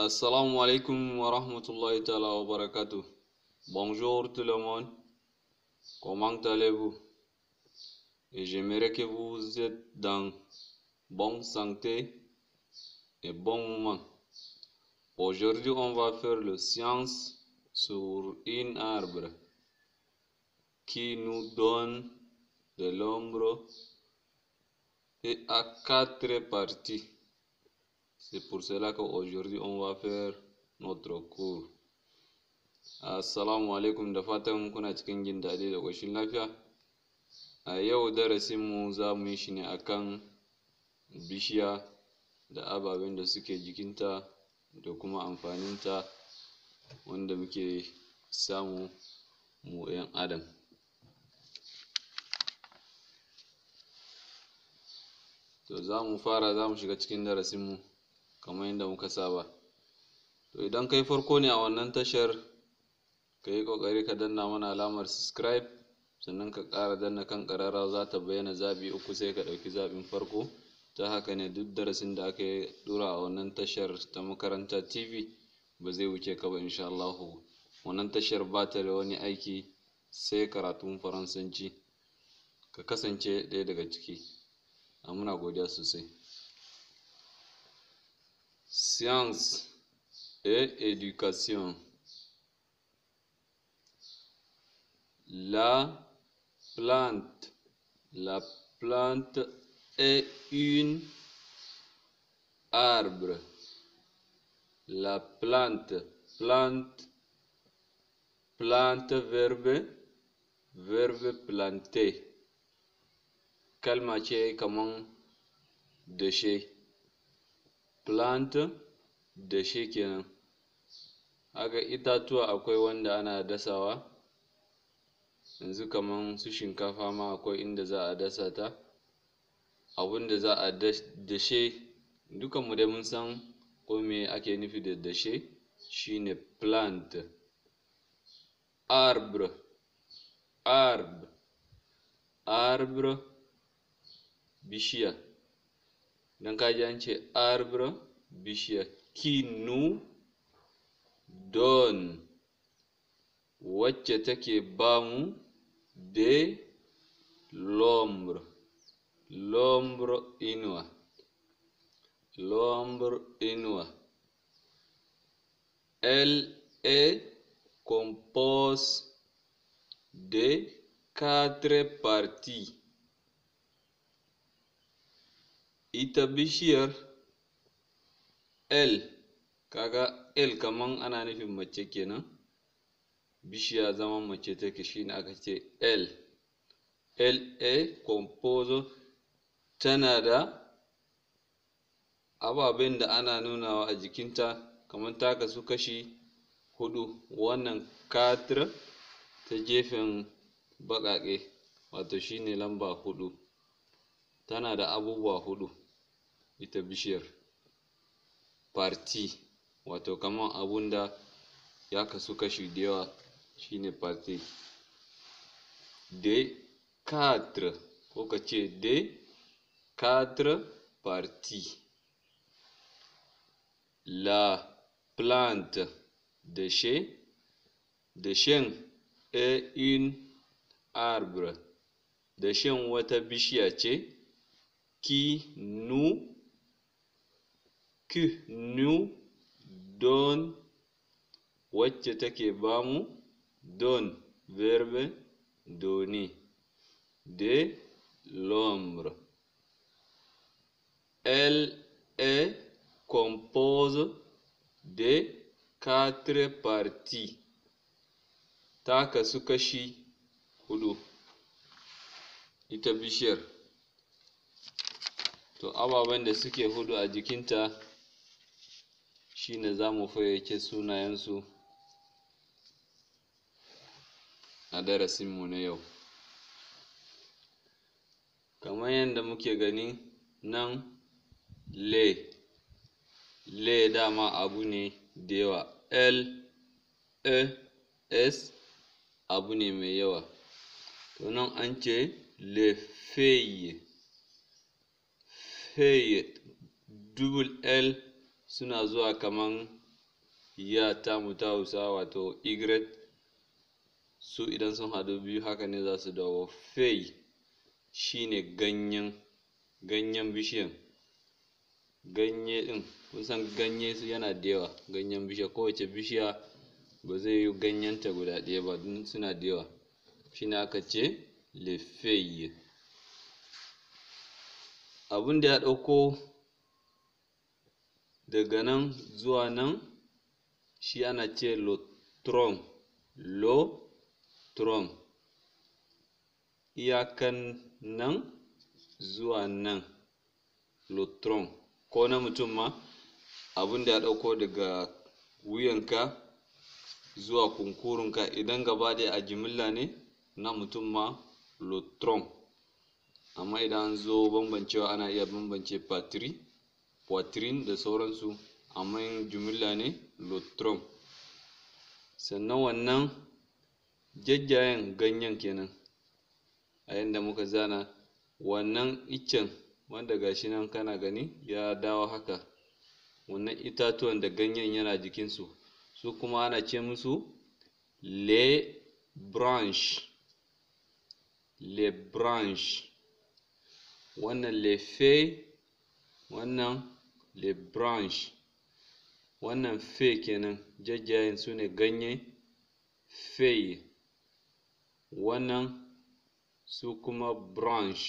Assalamu alaikum wa rahmatullahi wa barakatuh. Bonjour tout le monde. Comment allez-vous? et j'aimerais que vous êtes dans bonne santé et bon moment. Aujourd'hui, on va faire le science sur un arbre qui nous donne de l'ombre et à quatre parties. C'est pour cela qu'aujourd'hui on va faire notre cours. Assalamu alaikum da fatan kuna cikin jin daɗi da ƙoshin lafiya. A yau darasinmu za mu yi shi ne kan bishiya da ababen da suke jikinta da kuma amfaninta wanda muke samu mu 'yan adam. To za mu fara za mu shiga cikin darasin mu? kamar yadda muka saba to idan kai farko ne a wannan tashar ka yi ƙoƙari ka danna mana alamar subscribe sannan ka ƙara danna kan ƙararrawa za ta bayyana zaɓi uku sai ka ɗauki zaɓin farko ta haka ne duk darasin da aka ɗora a wannan tashar ta makaranta tv ba zai wuce ka ba insha Allahu wannan tashar ba ta da wani aiki sai karatun faransanci ka kasance ɗaya daga ciki muna godiya sosai Science et éducation. La plante. La plante est une arbre. La plante. Plante. Plante, verbe. Verbe planter. Calme, comment déchet. plantain da shi kenan haka itatuwa akwai wanda ana dasawa yanzu kaman su shinkafa ma akwai inda za a dasa ta abunda za a dashe dukan mu dai mun san ko me ake nufi da dashe shine plant arbre arbre arbre bishiya don kaji an ce arbre bishiya kinu don wacce take bamu de l'ombre l'ombre inuwa l'ombre elle est de quatre parties ita bishiyar L kaga L kaman ana nufin mace kenan bishiya zaman mace take shine aka ce L L a composo tana da ababen da ana nunawa a jikinta kaman ta kasu kashi huɗu wannan katra ta gefen baƙaƙe wato shine lamba hudu tana da abubuwa huɗu. ita bishiyar parti wato kaman abun da ya kasu kashi da yawa shine ne parti de quatre ko ka ce des quatre parties la plante de chez de shan une arbre da shan wata bishiya ce qui nous "Knu" don wacce take bamu don verbe doni de l'ombre. Elle est compose de quatre parties. Ta kasu kashi hudu ita bishiyar. To ababen da suke hudu a jikinta. shi ne za mu fayyace sunayensu a darasinmu na yau kamar yadda muke gani nan le le dama abu ne da yawa l e s abu ne mai yawa to nan an ce le feye feye double l suna zuwa kaman ya tamu ta hausa wato igret su idan sun haɗu biyu haka ne za su dawo fei shine ganyen ganyen bishiyan ganye ɗin kun san ganye su yana da yawa ganyen bishiya kowace bishiya ba zai yi ganyenta guda ɗaya ba don suna da yawa shine aka ce le fei abin da ya ɗauko daga nan zuwa nan shi ana ce lotron lotron iyakan nan zuwa nan lotron ko na mutum ma abin da ya ɗauko daga wuyanka zuwa kunkurunka idan gaba ɗaya a jimilla ne na mutum ma lotron amma idan an zo bambancewa ana iya bambance patiri. quatrain da sauransu amma yin jumilla ne lotrom sannan wannan jajjayen ganyen kenan a yadda muka zana wannan iccen wanda gashi nan kana gani ya dawo haka wannan itatuwan da ganyen yana jikinsu su kuma ana ce musu le branche le wannan le wannan le branche wannan fe kenan jajjayen su ne ganye fe wannan su kuma branch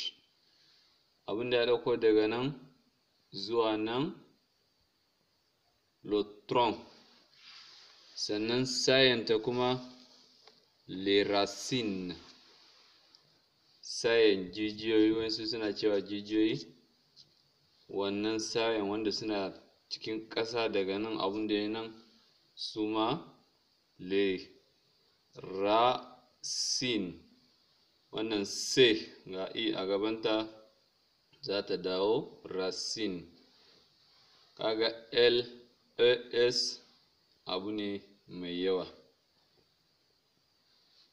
da ya ɗauko daga nan zuwa nan le tronc sannan sayanta kuma le racine sayan jijiyoyi wasu suna cewa jijiyoyi wannan sayan wanda suna cikin ƙasa daga nan abun da ya nan su ma le ra sin wannan se ga i a gabanta za ta dawo rasin kaga l e, s abu ne mai yawa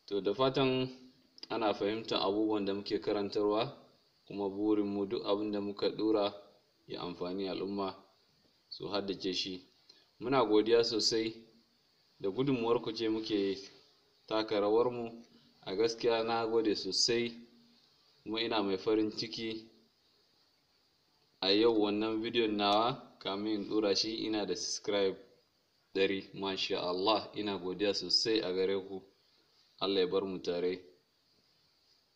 to da fatan ana fahimtar abubuwan da muke karantarwa kuma burin mu duk abin da muka dura ya amfani al'umma su haddace shi muna godiya sosai da gudunmuwar ku ce muke taka rawar mu a gaskiya na gode sosai kuma ina mai farin ciki a yau wannan bidiyon nawa kamin in ɗora shi ina da subscribe ɗari masha Allah ina godiya sosai a gare ku Allah ya bar mu tare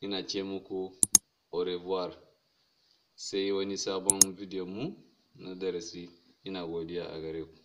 ina ce muku au revoir sai wani sabon bidiyon mu na darasi ina godiya a gare ku